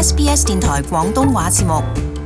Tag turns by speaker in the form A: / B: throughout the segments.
A: SBS 電台廣東話節目。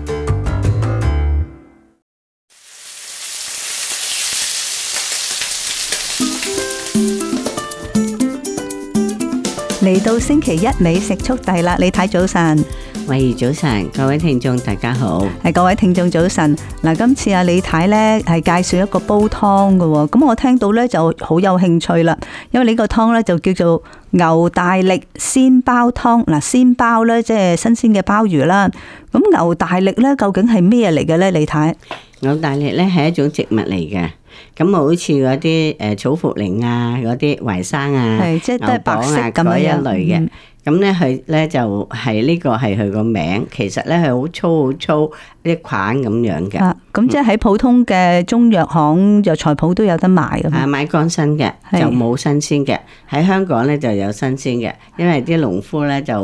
A: 嚟到星期一美食速遞啦！李太早晨，喂，早晨，各位
B: 聽眾大家好，
A: 係各位聽眾早晨。嗱，今次啊李太咧係介紹一個煲湯噶，咁我聽到咧就好有興趣啦，因為呢個湯咧就叫做牛大力鮮鮑湯。嗱，鮮鮑咧即係新鮮嘅鮑魚啦，咁牛大力咧究竟係咩嚟嘅咧？李太，牛大力咧係一種植物嚟嘅。咁好似嗰啲誒草茯苓啊，
B: 嗰啲淮山啊，係即係都係白色嗰、啊、一類嘅。咁咧佢咧就係呢個係佢個名，其實咧係好粗好粗啲款咁樣嘅。啊，咁即係喺
A: 普通嘅中藥行藥材鋪都有得賣嘅。啊，買乾身
B: 嘅就冇新鮮嘅。喺香港咧就有新鮮嘅，因為啲農夫咧就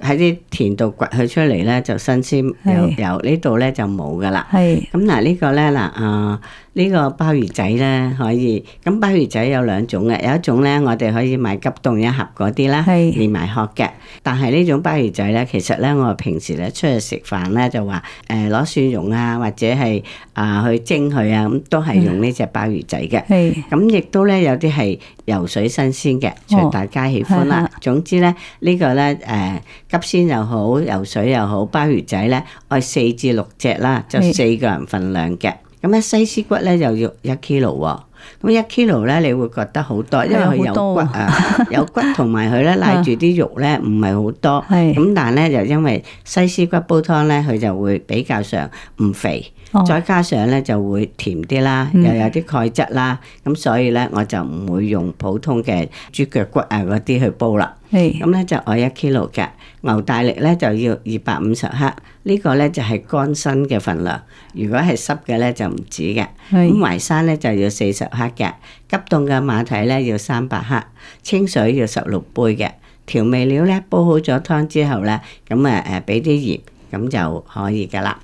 B: 喺啲田度掘佢出嚟，咧就新鮮，有又呢度咧就冇噶啦。係咁，嗱，呢個咧嗱啊。呢個鮑魚仔咧可以，咁鮑魚仔有兩種嘅，有一種咧我哋可以買急凍一盒嗰啲啦，連埋是殼嘅。但係呢種鮑魚仔咧，其實咧我平時咧出去食飯咧就話誒攞蒜蓉啊，或者係啊、呃、去蒸佢啊，咁都係用呢隻鮑魚仔嘅。係是。咁亦都咧有啲係游水新鮮嘅，隨大家喜歡啦。哦、總之咧呢、呢個咧誒、呃、急鮮又好，游水又好，鮑魚仔咧用四至六隻啦，就四個人份量嘅。咁咧西施骨咧就要一 kilo 喎，咁一 kilo 咧你會覺得好多，因為佢有骨啊， 有骨同埋佢咧瀨住啲肉咧唔係好多，咁 但係咧就因為西施骨煲湯咧佢就會比較上唔肥。再加上咧就會甜啲啦，嗯、又有啲鈣質啦，咁所以咧我就唔會用普通嘅豬腳骨啊嗰啲去煲啦。咁咧是就我一 kilogram 牛大力咧就要二百五十克，這個、呢個咧就係、是、乾身嘅份量。如果係濕嘅咧就唔止嘅。咁是淮山咧就要四十克嘅，急凍嘅馬蹄咧要三百克，清水要十六杯嘅。調味料咧煲好咗湯之後咧，咁啊誒俾啲鹽，咁就可以噶啦。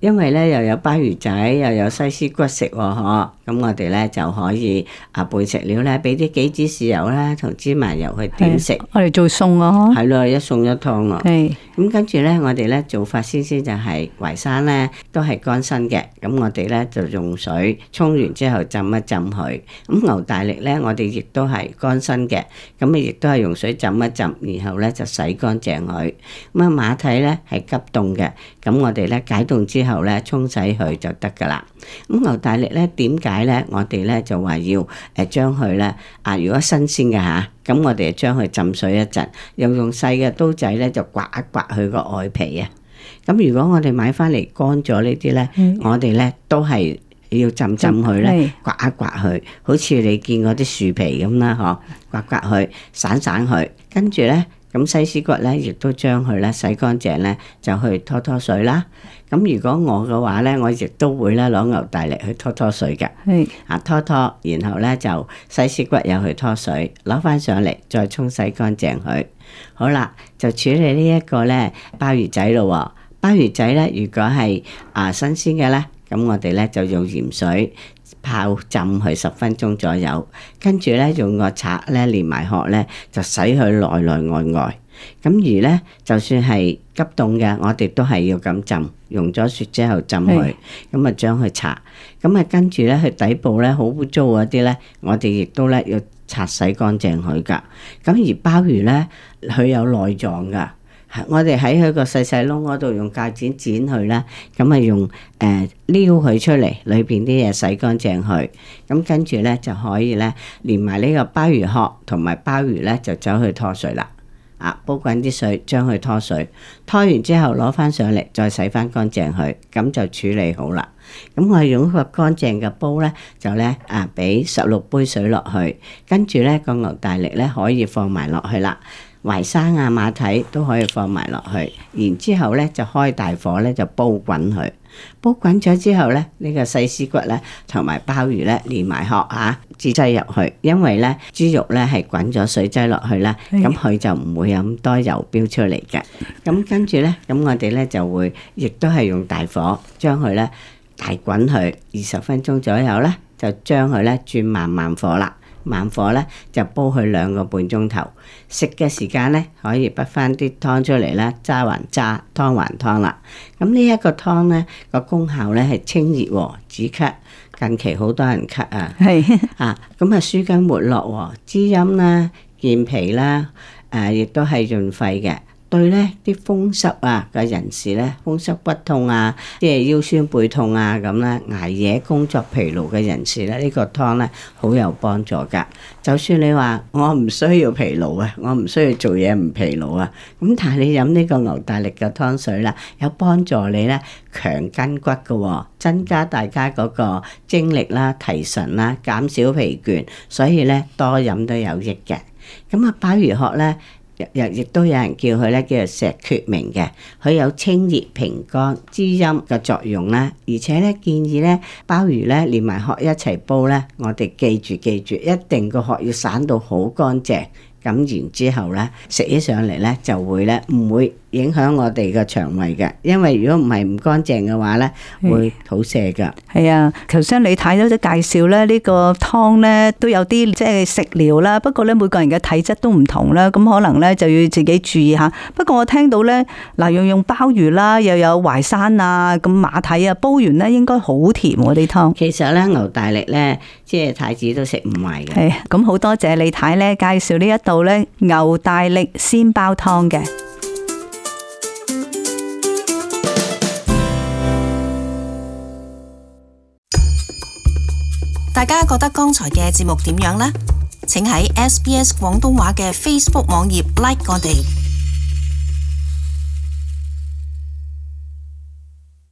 B: 因為咧又有鮑魚仔，又有西施骨食喎，啊，嗬！咁我哋咧就可以啊拌食料咧，俾啲杞子豉油啦，同芝麻油去點食。
A: 我哋做餸啊！
B: 係咯，一餸一湯咯。係咁的跟住咧，我哋咧做法先先就係、是、淮山咧都係乾身嘅，咁我哋咧就用水沖完之後浸一浸佢。咁牛大力咧，我哋亦都係乾身嘅，咁啊亦都係用水浸一浸，然後咧就洗乾淨佢。咁啊馬蹄咧係急凍嘅，咁我哋咧解凍。之後咧沖洗佢就得噶啦。咁牛大力咧點解咧？我哋咧就話要誒將佢咧啊，如果新鮮嘅吓，咁我哋就將佢浸水一陣，又用細嘅刀仔咧就刮一刮佢個外皮啊。咁如果我哋買翻嚟乾咗呢啲咧，我哋咧都係要浸浸佢咧，刮一刮佢，好似你見嗰啲樹皮咁啦，嗬，刮刮佢，散散佢，跟住咧。咁西施骨咧，亦都將佢咧洗乾淨咧，就去拖拖水啦。咁如果我嘅話咧，我亦都會咧攞牛大力去拖拖水嘅。係啊是，拖拖，然後咧就西施骨又去拖水，攞翻上嚟再沖洗乾淨佢。好啦，就處理呢一個咧鮑魚仔咯。鮑魚仔咧，如果係啊新鮮嘅咧，咁我哋咧就用鹽水。泡浸佢十分鐘左右，跟住咧用個刷咧連埋殼咧就洗佢內內外外。咁而咧就算係急凍嘅，我哋都係要咁浸，溶咗雪之後浸佢，咁啊是將佢刷，咁啊跟住咧佢底部咧好污糟嗰啲咧，我哋亦都咧要刷洗乾淨佢噶。咁而鮑魚咧，佢有內臟噶。我哋喺佢個細細窿嗰度用鉸剪剪佢啦，咁啊用誒撩佢出嚟，裏邊啲嘢洗乾淨佢。咁跟住咧就可以咧連埋呢個鮑魚殼同埋鮑魚咧就走去拖水啦，啊煲滾啲水將佢拖水，拖完之後攞翻上嚟再洗翻乾淨佢，咁就處理好啦。咁我係用一個乾淨嘅煲咧，就咧啊俾十六杯水落去，跟住咧個牛大力咧可以放埋落去啦。淮山啊、馬蹄都可以放埋落去，然之後咧就開大火咧就煲滾佢。煲滾咗之後咧，這個、細絲呢個細絲骨咧同埋鮑魚咧連埋殼嚇煮劑入去，因為咧豬肉咧係滾咗水劑落去啦，咁佢就唔會有咁多油飆出嚟嘅。咁跟住咧，咁我哋咧就會亦都係用大火將佢咧大滾佢。二十分鐘左右啦，就將佢咧轉慢慢火啦。慢火咧就煲佢兩個半鐘頭，食嘅時間咧可以潷翻啲湯出嚟啦，揸還揸，湯還湯啦。咁呢一個湯咧個功效咧係清熱和止咳，近期好多人咳啊，係 啊，咁啊舒筋活絡，滋陰啦，健脾啦，誒、呃，亦都係潤肺嘅。對咧，啲風濕啊嘅人士咧，風濕骨痛啊，即係腰酸背痛啊咁啦，捱夜工作疲勞嘅人士咧，這個、湯呢個湯咧好有幫助噶。就算你話我唔需要疲勞啊，我唔需要做嘢唔疲勞啊，咁但係你飲呢個牛大力嘅湯水啦，有幫助你咧強筋骨嘅、哦，增加大家嗰個精力啦、啊、提神啦、啊、減少疲倦，所以咧多飲都有益嘅。咁啊，鮑魚殼咧。又亦都有人叫佢咧，叫做石決明嘅，佢有清熱平肝、滋陰嘅作用啦。而且咧，建議咧鮑魚咧連埋殼一齊煲咧，我哋記住記住，一定個殼要散到好乾淨。咁然之後咧，食起上嚟咧就會咧唔會影響我哋嘅腸胃嘅，因為如果唔係唔乾淨嘅話咧，嗯、會肚瀉噶。係
A: 啊，頭先李太都都介紹咧，呢個湯咧都有啲即係食療啦。不過咧，每個人嘅體質都唔同啦，咁可能咧就要自己注意下。不過我聽到咧嗱，用用鮑魚啦，又有淮山啊，咁馬蹄啊，煲完咧應該好甜啲湯。其實咧，牛大力咧，即係太子都食唔埋嘅。係咁好多謝李太咧介紹呢一道。牛大力先煲湯嘅。大家覺得剛才嘅節目點樣呢？請喺 SBS 廣東話嘅 Facebook 網頁 like 我哋。